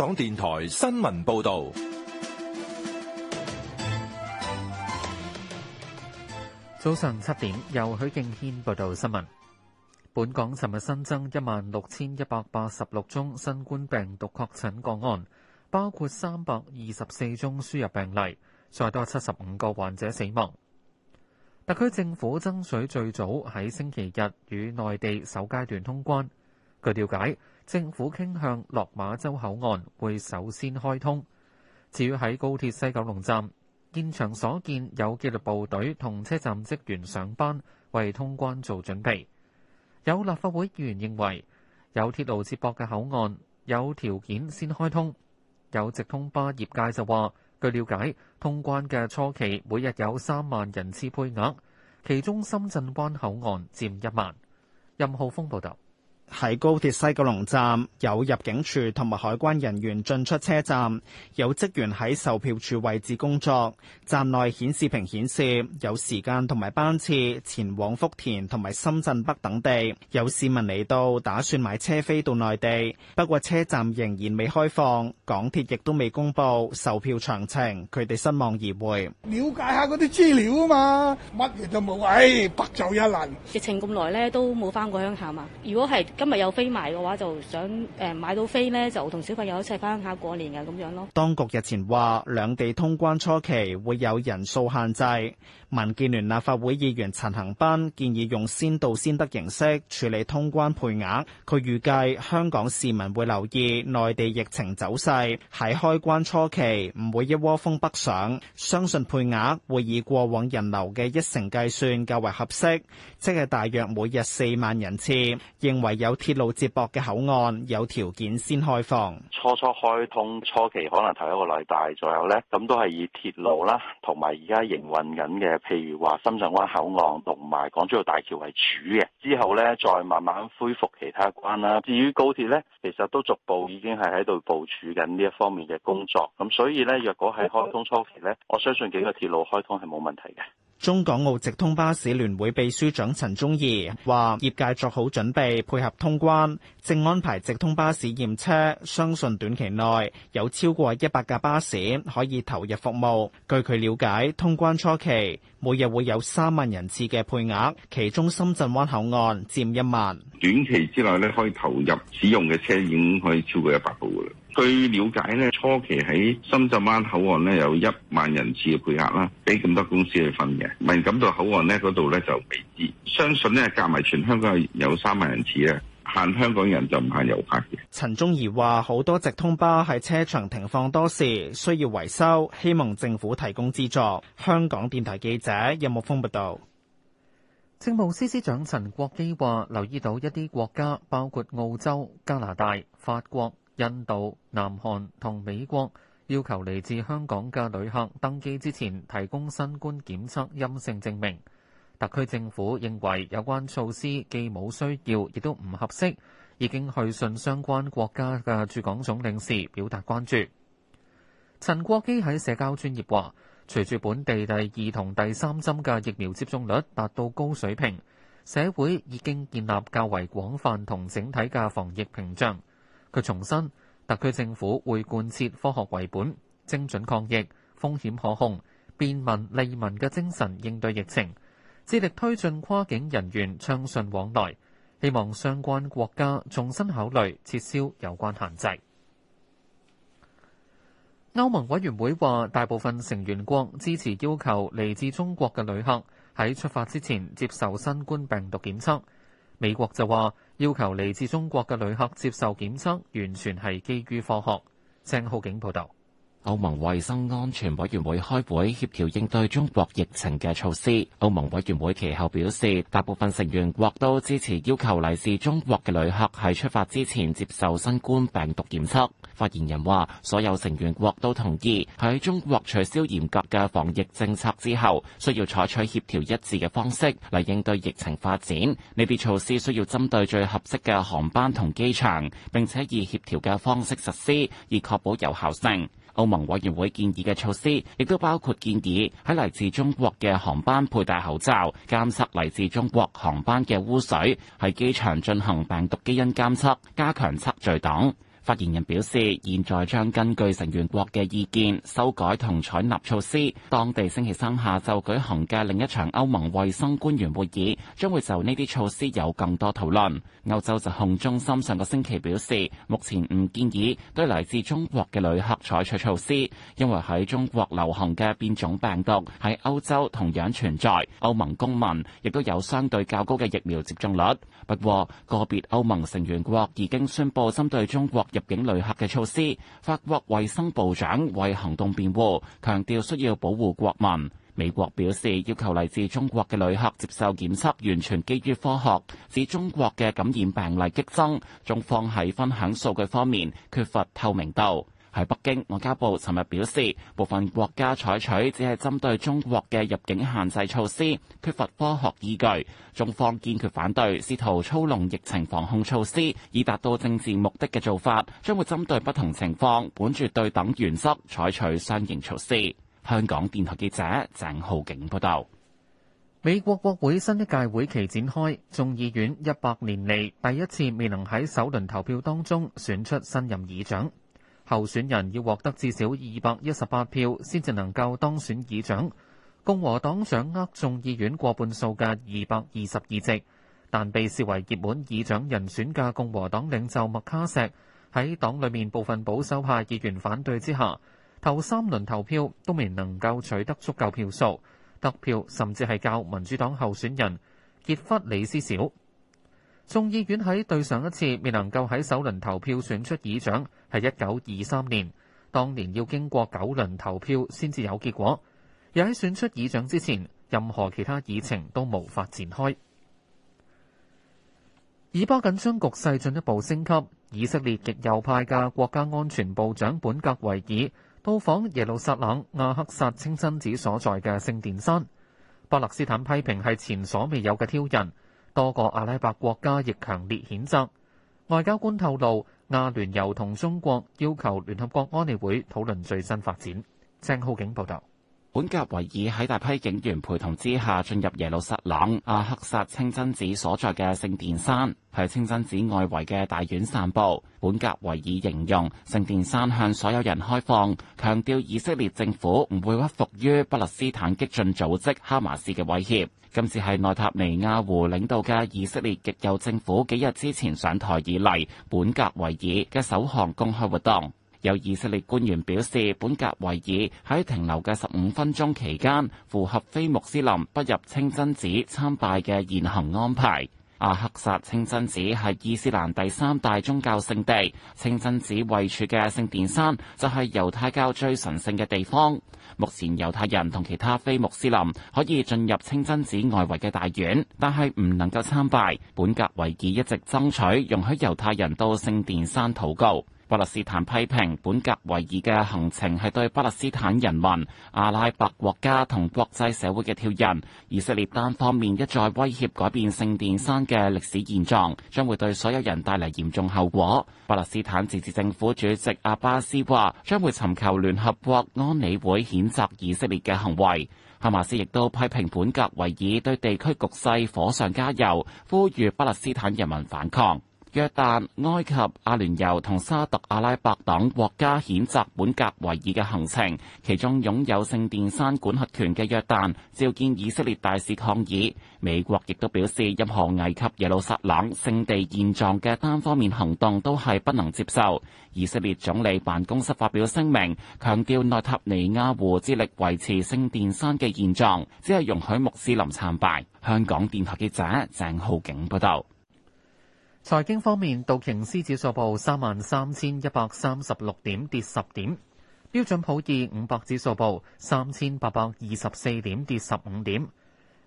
港電台新聞報道，早上七點，由許敬軒報道新聞。本港尋日新增一萬六千一百八十六宗新冠病毒確診個案，包括三百二十四宗輸入病例，再多七十五個患者死亡。特區政府爭取最早喺星期日與內地首階段通關。據了解，政府傾向落馬洲口岸會首先開通。至於喺高鐵西九龍站現場所見，有紀律部隊同車站職員上班，為通關做準備。有立法會議員認為，有鐵路接駁嘅口岸有條件先開通。有直通巴業界就話，據了解，通關嘅初期每日有三萬人次配額，其中深圳灣口岸佔一萬。任浩峰報道。喺高鐵西九龍站有入境處同埋海關人員進出車站，有職員喺售票處位置工作。站內顯示屏顯示有時間同埋班次前往福田同埋深圳北等地。有市民嚟到打算買車飛到內地，不過車站仍然未開放，港鐵亦都未公布售票詳情，佢哋失望而回。了解下嗰啲資料啊嘛，乜嘢都冇，唉、哎，白走一輪。疫情咁耐咧，都冇翻過鄉下嘛？如果係。今日有飛埋嘅話，就想誒買到飛呢，就同小朋友一齊翻鄉下過年嘅咁樣咯。當局日前話，兩地通關初期會有人數限制。民建聯立法會議員陳恒鑌建議用先到先得形式處理通關配額，佢預計香港市民會留意內地疫情走勢，喺開關初期唔會一窩蜂北上。相信配額會以過往人流嘅一成計算較為合適，即係大約每日四萬人次。認為。有鐵路接駁嘅口岸，有條件先開放。初初開通初期，可能頭一個禮拜左右呢，咁都係以鐵路啦，同埋而家營運緊嘅，譬如話深圳灣口岸同埋港珠澳大橋為主嘅。之後呢，再慢慢恢復其他關啦。至於高鐵呢，其實都逐步已經係喺度部署緊呢一方面嘅工作。咁所以呢，若果係開通初期呢，我相信幾個鐵路開通係冇問題嘅。中港澳直通巴士聯會秘書長陳忠義話，業界作好準備配合通關，正安排直通巴士驗車，相信短期內有超過一百架巴士可以投入服務。據佢了解，通關初期每日會有三萬人次嘅配額，其中深圳灣口岸佔一萬。短期之內呢，可以投入使用嘅車已經可以超過一百部噶啦。據了解呢，初期喺深圳灣口岸呢有一萬人次嘅配額啦，俾咁多公司去分嘅，文錦渡口岸呢度就未知。相信呢夾埋全香港有三萬人次咧，限香港人就唔限遊客嘅。陳忠義話：好多直通巴喺車場停放多時，需要維修，希望政府提供資助。香港電台記者任木峯報道。政務司司長陳國基話：留意到一啲國家，包括澳洲、加拿大、法國。印度、南韓同美國要求嚟自香港嘅旅客登機之前提供新冠檢測陰性證明。特區政府認為有關措施既冇需要，亦都唔合適，已經去信相關國家嘅駐港總領事表達關注。陳國基喺社交專頁話：隨住本地第二同第三針嘅疫苗接種率達到高水平，社會已經建立較為廣泛同整體嘅防疫屏障。佢重申，特區政府會貫徹科學為本、精準抗疫、風險可控、便民利民嘅精神應對疫情，致力推進跨境人員暢順往來，希望相關國家重新考慮撤銷有關限制。歐盟委員會話大部分成員國支持要求嚟自中國嘅旅客喺出發之前接受新冠病毒檢測。美國就話，要求嚟自中國嘅旅客接受檢測，完全係基於科學。鄭浩景報道。歐盟衛生安全委員會開會協調應對中國疫情嘅措施。歐盟委員會其後表示，大部分成員國都支持要求嚟自中國嘅旅客喺出發之前接受新冠病毒檢測。發言人話，所有成員國都同意喺中國取消嚴格嘅防疫政策之後，需要採取協調一致嘅方式嚟應對疫情發展。呢啲措施需要針對最合適嘅航班同機場，並且以協調嘅方式實施，以確保有效性。歐盟委員會建議嘅措施，亦都包括建議喺嚟自中國嘅航班佩戴口罩、監測嚟自中國航班嘅污水、喺機場進行病毒基因監測、加強測序等。發言人表示，現在將根據成員國嘅意見修改同採納措施。當地星期三下晝舉行嘅另一場歐盟衛生官員會議，將會就呢啲措施有更多討論。歐洲疾控中心上個星期表示，目前唔建議對嚟自中國嘅旅客採取措施，因為喺中國流行嘅變種病毒喺歐洲同樣存在。歐盟公民亦都有相對較高嘅疫苗接種率。不過，個別歐盟成員國已經宣布針對中國入入境旅客嘅措施，法國衛生部長為行動辯護，強調需要保護國民。美國表示要求嚟自中國嘅旅客接受檢測，完全基於科學。指中國嘅感染病例激增，中方喺分享數據方面缺乏透明度。喺北京，外交部尋日表示，部分國家採取只係針對中國嘅入境限制措施，缺乏科學依據。中方堅決反對試圖操弄疫情防控措施以達到政治目的嘅做法，將會針對不同情況，本住對等原則採取相應措施。香港電台記者鄭浩景報道：美國國會新一屆會期展開，眾議院一百年嚟第一次未能喺首輪投票當中選出新任議長。候選人要獲得至少二百一十八票，先至能夠當選議長。共和黨掌握眾議院過半數嘅二百二十二席，但被視為熱門議長人選嘅共和黨領袖麥卡錫，喺黨裏面部分保守派議員反對之下，頭三輪投票都未能夠取得足夠票數，得票甚至係較民主黨候選人傑弗里斯少。眾議院喺對上一次未能夠喺首輪投票選出議長，係一九二三年，當年要經過九輪投票先至有結果。又喺選出議長之前，任何其他議程都無法展開。以巴緊張局勢進一步升級，以色列極右派嘅國家安全部長本格維爾到訪耶路撒冷阿克薩清真寺所在嘅聖殿山，巴勒斯坦批評係前所未有嘅挑釁。多個阿拉伯國家亦強烈譴責，外交官透露，阿聯酋同中國要求聯合國安理會討論最新發展。鄭浩景報道。本格維爾喺大批警員陪同之下進入耶路撒冷阿克薩清真寺所在嘅聖殿山，喺清真寺外圍嘅大院散步。本格維爾形容聖殿山向所有人開放，強調以色列政府唔會屈服於巴勒斯坦激進組織哈馬斯嘅威脅。今次係內塔尼亞胡領導嘅以色列極右政府幾日之前上台以嚟，本格維爾嘅首項公開活動。有以色列官員表示，本格維爾喺停留嘅十五分鐘期間，符合非穆斯林不入清真寺參拜嘅現行安排。阿克薩清真寺係伊斯蘭第三大宗教聖地，清真寺位處嘅聖殿山就係猶太教最神聖嘅地方。目前猶太人同其他非穆斯林可以進入清真寺外圍嘅大院，但係唔能夠參拜。本格維爾一直爭取容許猶太人到聖殿山禱告。巴勒斯坦批評本格維爾嘅行程係對巴勒斯坦人民、阿拉伯國家同國際社會嘅挑釁，以色列單方面一再威脅改變聖殿山嘅歷史現狀，將會對所有人帶嚟嚴重後果。巴勒斯坦自治政府主席阿巴斯話將會尋求聯合國安理會譴責以色列嘅行為，哈馬斯亦都批評本格維爾對地區局勢火上加油，呼籲巴勒斯坦人民反抗。約旦、埃及、阿聯酋同沙特阿拉伯等國家譴責本格維爾嘅行程，其中擁有聖殿山管轄權嘅約旦召見以色列大使抗議。美國亦都表示，任何危及耶路撒冷聖地現狀嘅單方面行動都係不能接受。以色列總理辦公室發表聲明，強調內塔尼亞胡致力維持聖殿山嘅現狀，只係容許穆斯林參拜。香港電台記者鄭浩景報道。財經方面，道瓊斯指數報三萬三千一百三十六點，跌十點；標準普爾五百指數報三千八百二十四點，跌十五點。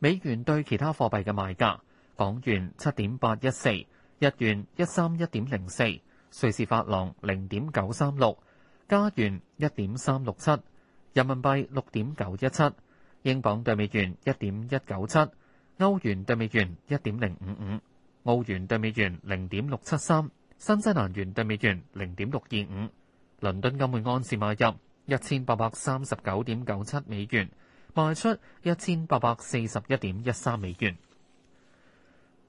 美元對其他貨幣嘅賣價：港元七點八一四，日元一三一點零四，瑞士法郎零點九三六，加元一點三六七，人民幣六點九一七，英鎊對美元一點一九七，歐元對美元一點零五五。澳元兌美元零點六七三，新西蘭元兌美元零點六二五。倫敦金每安士買入一千八百三十九點九七美元，賣出一千八百四十一點一三美元。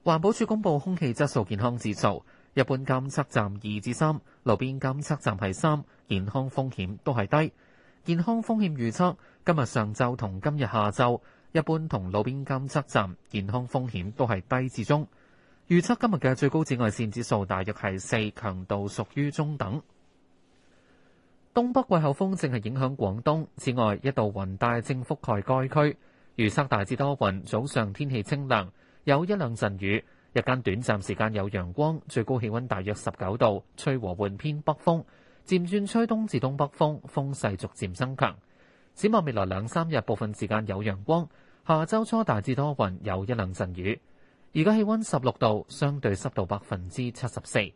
環保署公布空氣質素健康指數，一般監測站二至三，3，路邊監測站係三，健康風險都係低。健康風險預測今，上和今日上晝同今日下晝，一般同路邊監測站健康風險都係低至中。預測今日嘅最高紫外線指數大約係四，強度屬於中等。東北季候風正係影響廣東，此外一道雲帶正覆蓋該區。預測大致多雲，早上天氣清涼，有一兩陣雨。日間短暫時間有陽光，最高氣温大約十九度，吹和緩偏北風，漸轉吹東至東北風，風勢逐漸增強。展望未來兩三日，部分時間有陽光，下周初大致多雲，有一兩陣雨。而家氣温十六度，相對濕度百分之七十四。